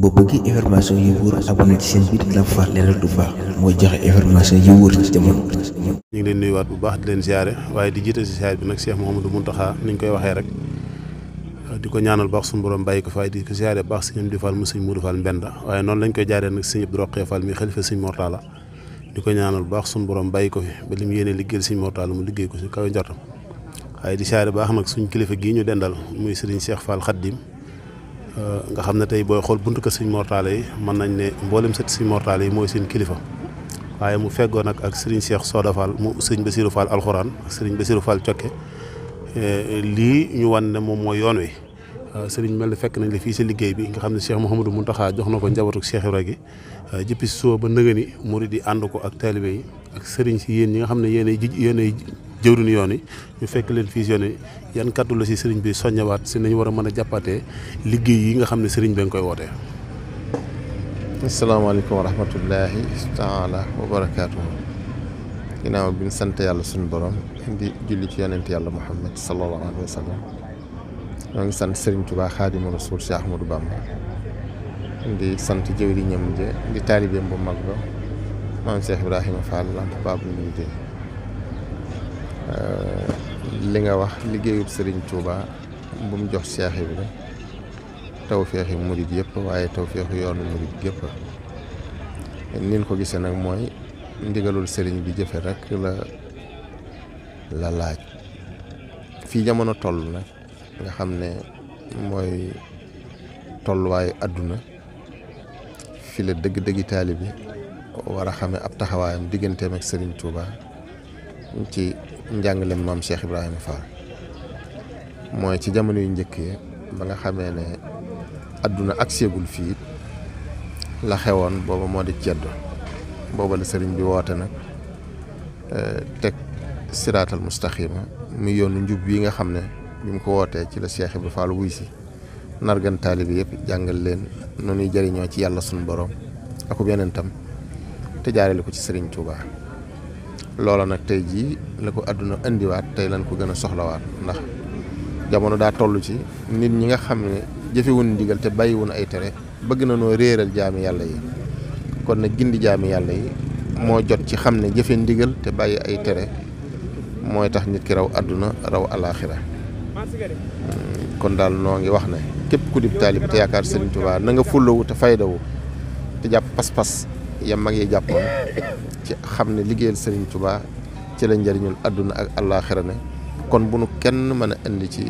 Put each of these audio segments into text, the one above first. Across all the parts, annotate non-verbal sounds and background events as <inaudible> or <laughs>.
boo bëggee information yu wóor abonné ci seen biir Lamp Fall Léral du baax mooy joxe information yu wóor ci jamono. ñu ngi leen nuyuwaat bu baax di leen siyaare waaye di jiite si siyaare bi nag Cheikh Mouhamadou Mountakha ni ñu waxee rek di ko ñaanal baax suñu borom bàyyi ko faay di ko siyaare baax sëñ Amdi Fall mu sëñ Moudou Fall Mbenda waaye noonu lañ koy jaaree nag sëñ Abdou Rokhaya Fall mi xalifa sëñ Mortala di ko ñaanal baax suñu borom bàyyi ko fi ba li mu yéene liggéeyal sëñ la mu liggéey ko si kaw njortam waaye di siyaare baax nag suñ kilifa gii ñu dendal muy sëriñ Cheikh Fall Khadim Euh, nga xam ne tey booy xool buntu ko Serigne Mor yi mën nañ ne mboolem sët Serigne Mor Talla yi mooy seen kilifa waaye mu feggoo nag ak Serigne Cheikh Soda Fall mu Serigne Bassirou Fall alxuraan Serigne Bassirou Fall euh, lii ñu wan ne moom mooy yoon wi euh, Serigne mel ne fekk nañ la fii si liggéey bi nga xam ne Cheikh Mouhamadou Mountakha jox na ko njabootu Cheikh Ibra gi jëppi soo ba nëgëni murid yi ànd ko ak taalibe yi ak Serigne si yéen ñi nga xam ne yéenay ji yéenay jëwriñu yoon yi ñu fekk leen fii yoon yi yan kàddu la si sëriñ bi soññewaat si nañu war a mën a jàppaatee liggéey yi nga xam ne sëriñ bi nga koy wootee. asalaamaaleykum wa rahmatullahi taala wa barakaatu. ginnaaw bi sant yàlla suñu borom di julli ci yonent yàlla Muhammad sallallahu alayhi wa sallam ñoo ngi sant Serigne Touba Xaadimu Rasuul Cheikh Ahmadou di sant jëwriñam je di taalibeem bu mag ba maam Cheikh Ibrahima Fall lamp Baabul Muriidiin Euh, li nga wax liggéeyub sëriñ Touba bu mu jox seex bi rek tawféexi murid yëpp waaye tawféexu yoonu murid yëpp nin ko gisee nag mooy ndigalul sëriñ bi jëfe rek la laaj fii jamono toll nag nga xam ne mooy tolluwaayu àdduna fi la dëgg-dëggi bi war a xamee ab taxawaayam digganteem ak sëriñ Touba ci. njàngaleem maam Cheikh Ibrahima Fall mooy ci jamono yu njëkk yi ba nga xamee ne àdduna ak séegul fii la xewoon booba moo di ceddo booba la sëriñ bi woote nag eh, teg siraatal mustaxima muy yoonu njub bii nga xam ne bi mu ko wootee ci la Cheikh Ibrahima Fall wuy si nargan taalibe yëpp jàngal leen nu jariñoo ci yàlla sunu boroom ak beneen tam te jaarale ko ci sëriñ tuubaa looloo nag tey jii la ko àdduna indiwaat tey lañ ko gën a soxlawaat ndax jamono daa toll ci nit ñi nga xam ne jëfewuñ ndigal te bàyyiwuñ ay tere bëgg na noo réeral jaami yàlla yi kon nag gindi jaami yàlla yi moo jot ci xam ne jëfe ndigal te bàyyi ay tere mooy tax nit ki raw àdduna raw alaaxira mm, kon daal noo ngi wax ne képp ku dib taalib te yaakaar Sëriñ Tuubaa na nga fullawu te faydawu te jàpp pas-pas yam mag yi jàppoon ci xam ne liggéeyal Serigne tubaa ci la njariñul àdduna ak àllaaxira ne kon bu nu kenn mën a indi ci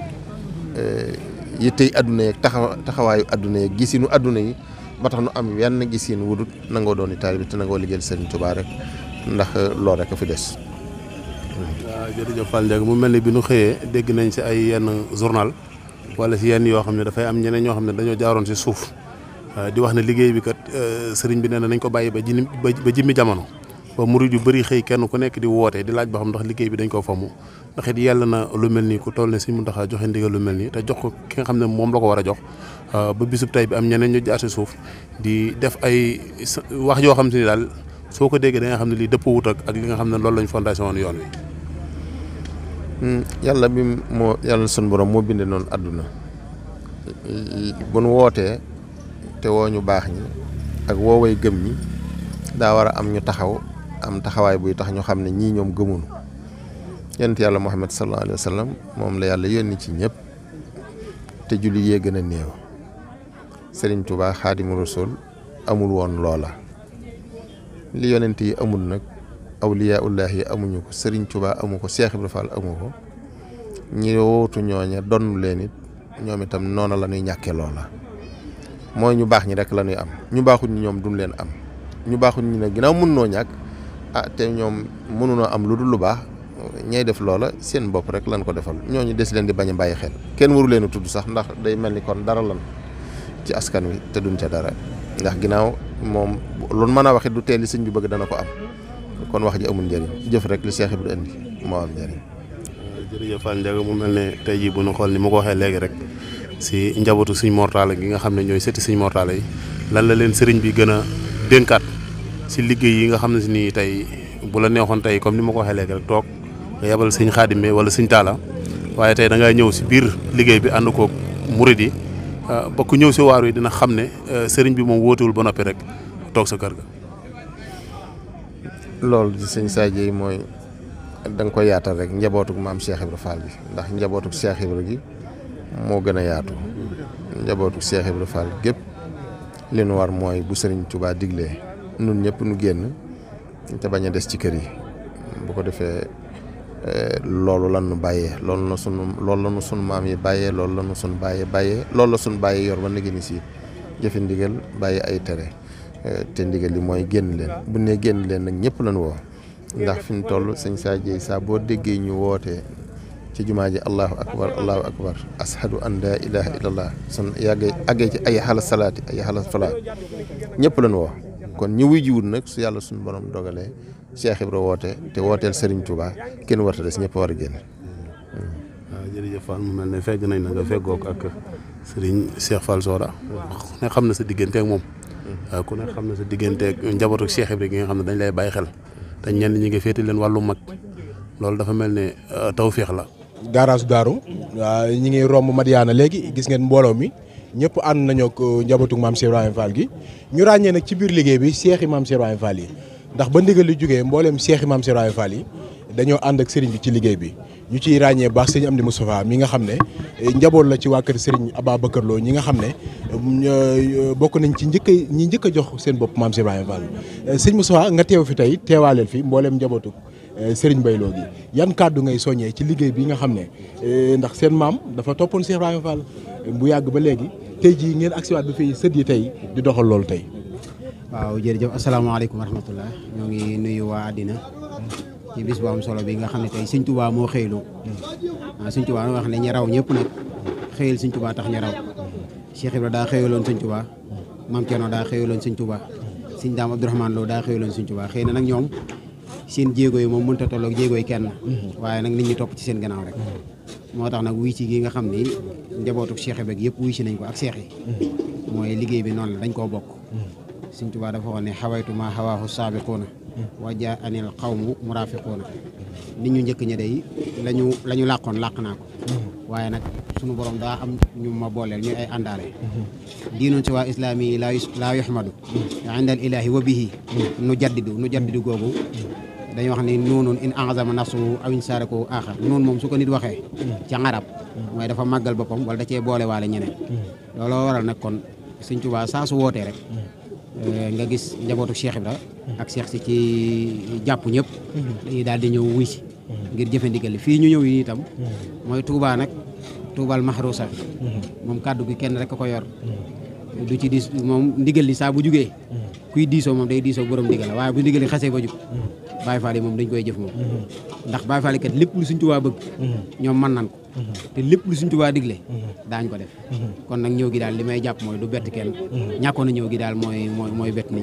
e, yittey àdduna yeeg taxawaayu àdduna yeeg gisinu àdduna yi ba tax nu am yenn gisin wudut nangoo doon taalibe te nangoo liggéeyal Serigne tubaa rek ndax lool rek a fi des. waaw jërëjëf Fall Ndiaye mu mel ni bi nu xëyee dégg nañ si ay yenn journal wala si yenn yoo xam ne dafay am ñeneen ñoo xam ne dañoo jaaroon si suuf. di wax ne liggéey bi kat e, sëriñ bi nee na nañ ko bàyyi ba ji ba jimmi jamono ba murid yu bëri xëy kenn ku nekk di woote di laaj ba xam ndax liggéey bi dañ koo famu ndax it yàlla na lu mel nii ku toll mu Sëriñ a joxe ndigal lu mel nii te jox ko ki nga xam ne moom la ko war a jox ah, ba bisub tay bi am ñeneen ñu jaar ci suuf di def ay wax yoo xam si ni daal soo ko déggee da nga xam ne lii dëpp wut ak li nga xam ne loolu lañ fondation woon yoon wi. Hmm, yàlla bi moo yàlla sunu borom moo bindee noonu àdduna bu wootee te woo ñu baax ñi ak wooway gëm ñi daa war a am ñu taxaw. am taxawaay buy tax ñu xam ne ñii ñoom gëmunu yonent yàlla Muhammad sallallahu alayhi wa sallam moom la yàlla yónni ci ñëpp te julli yee gën a néew Sëriñ Tuubaa Xaadimu Rasuul amul woon loola li yonent yi amul nag awliyaullah yi amuñu ko Sëriñ Tuubaa amu ko Seex Ibra amu ko ñi wootu ñooña donn leen it ñoom itam noona la ñuy ñàkkee loola mooy ñu baax ñi rekk la ñuy am ñu baaxuñ ñoom duñ leen am ñu baaxuñ ñi ne ginnaaw noo ñàkk ah te ñoom am lu dul lu baax ñay def loola seen bop rek lan ko defal ñu dess leen di bañ a xel kenn waru leen tuddu sax ndax day melni kon dara lan ci askan wi te duñ ca dara ndax ginaaw mom loolu mëna waxe du téli señ bi bëgg dana ko am kon wax ji amul njëriñ jëf rek li Cheikh Ibra indi mo am njëriñ jërëjëf Fall Ndiaga mu melni tay ji bu ñu xol ni mu ko waxe légui rek si njabootu señ mortaale gi nga xamne ñoy ñooy señ suñ yi lan la leen señ bi gëna denkat si liggéey yi nga xam ni si tey bu la neexoon tey comme ni ma ko waxee léegi rek toog nga yebal sëñ Xaadim wala sëñ Taala waaye tey da ngaa ñëw si biir liggéey bi ànd koog murid yi ah, ñëw si waar yi dina xam ne eh, sëriñ bi moom wóotewul ba noppi rek toog sa kër ga. loolu di sëñ Sadio yi mooy da nga koy yaatal rek njabootuk maam Cheikh Ibra Fall gi ndax njabootuk Cheikh Ibra gi moo gën a yaatu njabootuk Cheikh Ibra Fall gépp li nu war mooy bu sëriñ Touba diglee. nun ñëpp nu génn te bañ a des ci kër yi bu ko defee eh, loolu lan nu bàyyee loolu la sunu loolu la nu sunu maam yi bàyyee loolu la nu sunu bàyyee bàyyee loolu la sunu bàyyee yor ba na génn si jëfe ndigal bàyyi ay tere eh, te ndigal li mooy génn leen bu ne génn leen nag ñëpp lañu woo ndax fi mu toll sëñ saa jeey saa boo déggee ñu wootee ci jumaa ji allahu akbar allahu akbar ashadu an laa ilaha illallah sun yàggee àggee ci ay xala salaati ay xala falaa ñëpp lañu woo kon ñi wuy jiwut nag su yàlla suñu borom dogalee Cheikh Ibra woote te wooteel Serigne Touba kenn warta des ñëpp war a génn. waaw ah, mu mel ne fegg nañ la nga feggoog ak Serigne Cheikh Fall Soda ku ne xam na sa digganteek moom. waaw mm-hmm. ah, ku ne xam na sa diggante ak njabootu Cheikh Ibra gi nga xam ne dañ lay bàyyi xel te ñenn ñi nga féete leen wàllu mag loolu dafa mel ne taw ah, tawféex la. garage daaru waaw ñi ngi romb Madiana léegi gis ngeen mbooloo mi. ñëpp ànd nañoo ko euh, njabootu maam Cheikh Ibrahima Fall gi ñu ràññee nag ci biir liggéey bi seexi maam Cheikh Ibrahima Fall yi ndax ba ndigal li jógee mbooleem seexi maam Cheikh Ibrahima Fall yi dañoo ànd ak sëriñ bi ci liggéey bi ñu ciy ràññee baax am Amdi Moustapha mi nga xam ne euh, njaboot la ci waa kër sëriñ Ababacar Lo ñi nga xam ne euh, bokk nañ ci njëkk ñi njëkk jox seen bopp maam Cheikh Ibrahima Fall sëñ Moustapha nga teew fi tey teewaaleel fi mbooleem njabootu Eh, Serigne Mbaye Lo yan kàddu ngay soññee ci liggéey bi nga xam ne eh, ndax seen maam dafa toppoon Cheikh Ibrahima Fall eh, bu yàgg ba léegi tey jii ngeen agsiwaat bi fii sët tey di doxal loolu tey. waaw jërëjëf asalaamaaleykum wa rahmatullah ñoo ngi nuyu waa àddina ci bis bu am solo bi nga xam ne tey Sëñ Tuubaa moo xëyloo waaw ah, Sëñ Tuubaa wax ne ñi raw ñëpp nag xëyal Sëñ Tuubaa tax ñi raw Cheikh Ibra daa xëyaloon Sëñ Tuubaa maam Thierno daa xëyaloon Sëñ Tuubaa Daam Abdourahmane daa xëyaloon Sëñ Tuubaa xëy na nag ñoom seen jéego yi moom mënut a tolloog jéego yi kenn waaye nag nit ñi topp ci seen gannaaw rek moo tax nag wuy ci gi nga xam ni njabootu cheikh beeg yëpp wuy ci nañ ko ak cheikh yi mooy liggéey bi noonu la dañ koo bokk Sëñ Tuubaa dafa waxoon ne xawaytu ma xawaahu saabiquuna wa jaa xawmu muraafiquuna nit ñu njëkk ña day lañu la ñu làqoon làq naa ko waaye nag sunu borom daa am ñu ma booleel ñu ay àndaale diinoon si waa islaami yi laa yuhmadu inda al ilaahi wa bihi nu jaddidu nu dañuy wax ni nuunun in enzama nafsu aw in sarako axar nuun moom su ko nit waxee ci arab mooy dafa màggal boppam wala da cee boole waale ñeneen looloo waral nag kon sëñ Tuubaa saa su wootee rek eh, nga gis njabootu Cheikh Ibra ak Cheikh si ci jàpp ñëpp dañuy daal di ñëw wuy si ngir jëfe ndigal li fii ñu ñëw yi itam mooy Tuubaa nag Tuubal Mahrusa mm-hmm. moom kàddu gi kenn rek ko yor du ci diis moom ndigal li saa bu jugee mm-hmm. kuy diisoo moom day diisoo borom ndigal la waaye bu ndigal li xasee ba jug mm-hmm. Baye Fall yi moom dañ koy jëf moom mm-hmm. ndax Baye Fall kat lépp li may jàpp mooy du bett kenn ñàkkoon a ñëw gi daal mooy mooy mooy bett nit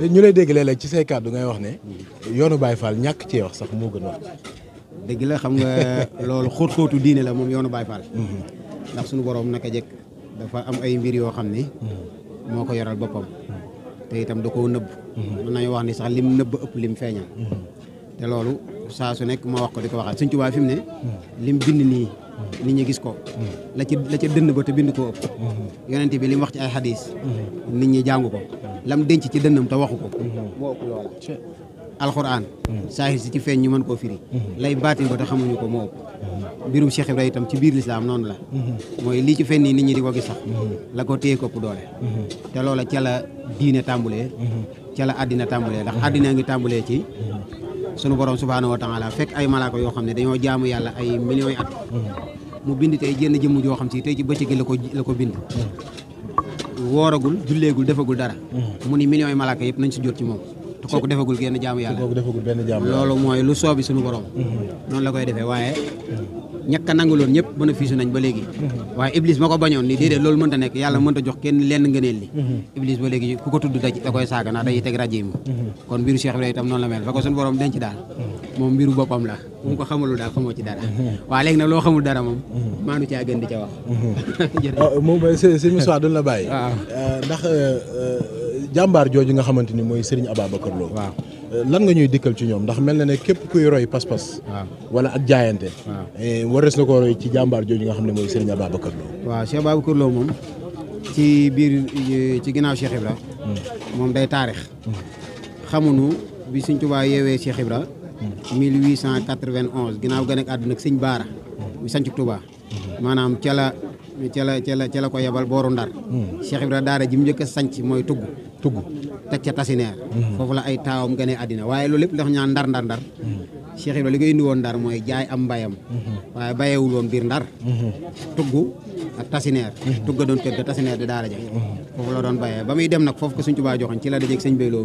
ñi <laughs> ñu lay dégg léeg-léeg ci say kàddu ngay wax ne yoonu Baye Fall ñàkk cee wax sax moo gën wax dëgg la xam nga <laughs> loolu xóot xóotu diine la moom yoonu Baye Fall ndax suñu borom naka jekk dafa am ay mbir yoo xam ne moo ko yoral boppam te itam da koo nëbb mhm. mën nañu wax ni sax lim nëbb ëpp lim feeñal mhm. te loolu saa su nekk ma wax ko di ko waxaat Sëñ Tuubaa fi mu ne mhm. lim bind nii nit ñi gis ko la ci la ca dënn ba te bind ko ëpp yonente bi li mu wax ci ay xadis nit ñi jàngu ko lam denc ci dënnam te waxu ko moo ëpp loola alxuraan saahir si ci feeñ ñu mën koo firi lay baatin ba te xamuñu ko moo ëpp mbirum Cheikh ibrahim itam ci biir lislaam noonu la mooy lii ci fenn nii nit ñi di ko gis sax la ko téye ko ëpp doole te loola ca la diine tàmbulee ca la àddina tàmbulee ndax àddina ngi tàmbulee ci sunu borom subhaanahu wa taala fekk ay malaaka yoo xam ne dañoo jaamu yàlla ay millions yi at mu bind tey jenn jëmm joo xam si tey ci bëccëg gi la ko la ko bind mm. wooragul julleegul defagul dara mm. mu ni millions malaaka yëpp nañ si jot ci moom te kooku defagul genn jaamu yàlla te kooku defagul benn jaamu yàlla loolu mooy lu soobi suñu borom mhm. noonu la koy defee waaye eh. ñàkk a nanguloon bénéfice nañ mhm. ba iblis ma ko bañoon ni déedéet loolu mënta nekk eh. yàlla mënta mhm. jox kenn lenn li iblis ba léegi ku ko tudd daj da koy saaga day teg rajo kon mbiru Cheikh Ibrahima itam noonu la mel fa ko suñu borom denc daal moom mbiru boppam la mu ko xamalul daal xamoo ci dara waaye léegi nag loo xamul dara moom maanu caa gën di wax moom la ndax jàmbaar jooju nga xamante ni mooy Serigne Ababacar Lo waaw euh, lan nga ñuy dikkal ci ñoom ndax mel na ne képp kuy roy pas-pas wala ak jaayante eh, warees na ko roy ci jàmbaar jooju nga xam ne mooy Serigne Ababacar Lo waaw Cheikh Ababacar Lo moom ci biir ci ginnaaw Cheikh Ibra hmm. moom day taarix hmm. xamuñu bi Sëñ Tuubaa yeewee Cheikh Ibra 1891 hmm. ginnaaw ga nekk àdduna ak Sëñ Baara mu sanc Tuubaa maanaam ca la ca la la ca ko yebal boo Ndar Cheikh Ibra daara ji mu njëkk mooy tugg tugg teg ca tasineer mm-hmm. foofu la ay taawam gënee àddina waaye loolu lépp dafa ñaan ndar ndar ndar mm-hmm. Cheikh Ibra li ko indi woon ndar mooy jaay am mbayam mm-hmm. waaye bayewul woon biir ndar tugg ak tasineer tugg doon kër ga tasineer di daara ja foofu la doon bayee ba muy dem nag foofu ko Sëñ Tuubaa joxoon ci la dajeeg sëñ Béyloo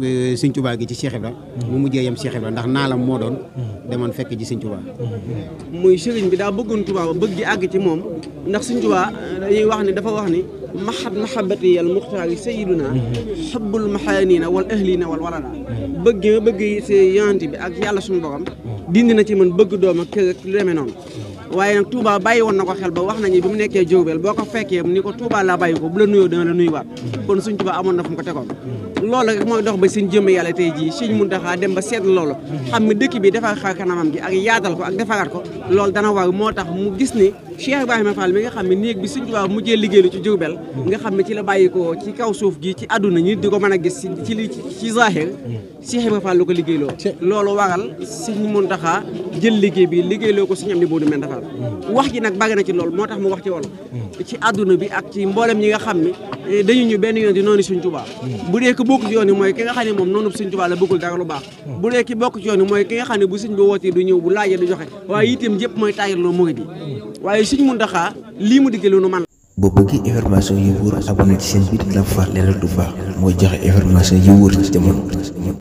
Euh, sëñ Tuubaa gi ci Cheikh Ibra mm-hmm. mu mujjee yem Cheikh Ibra ndax naalam moo doon mm-hmm. demoon fekk ji sëñ Tuubaa mm-hmm. muy sëriñ bi daa bëggoon Tuubaa bëgg gi àgg ci moom ndax sëñ Tuubaa euh, dañuy wax ni dafa wax ni maxab maxabati al muxtaari sayiduna xubbul maxaaniina wal ahliina wal walada bëgg ma bëgg si yant bi ak yàlla suñu borom dindi na ci man bëgg doom ak kër ak lu noonu waaye nag Touba bàyyi woon na ko xel ba wax nañu bi mu nekkee Diourbel boo ko fekkee ni ko Touba laa bàyyi ko bu la nuyoo dana la nuyuwaat kon suñ Touba amoon na ko tegoon loolu rek mooy dox ba suñ jëmm yàlla tey jii suñ mun taxaa dem ba seet loolu xam ne dëkk bi defar xar kanamam gi ak yaatal ko ak defaraat ko loolu dana war moo tax mu gis ni si Ibrahima Fall mi nga xam ne néeg bi Sëñ Tuubaa mujjee liggéeylu ci Jurbel nga xam ne ci la bàyyikoo ci kaw suuf gi ci àdduna ñi di ko mën a gis ci li ci zahir Cheikh Ibrahima Fall lu ko liggéeyloo loolu waral Sëñ Muntaxa jël liggéey bi liggéeyloo ko Sëñ Amdi Boodu Mbenda Fall wax ji nag bari na ci lool moo tax mu wax ci wolof ci àdduna bi ak ci mboolem ñi nga xam ne eh, dañu ñu benn yoon di noonu Sëñ Tuubaa bu dee ki bokk ci yoon yi mooy ki nga xam ne moom noonu Sëñ Tuubaa la bëggul dara lu baax bu dee ki mooy ki nga ne bu sëñ bi ñëw bu laajee du joxe waaye itam yëpp mooy taayir loo murid waaye Sëriñ Muntaxa lii mu diggee lu man boo bëggee information yi wóor abonné ci seen biir Lamp Fall Léral du baax moo joxe information yi wóor ci jamono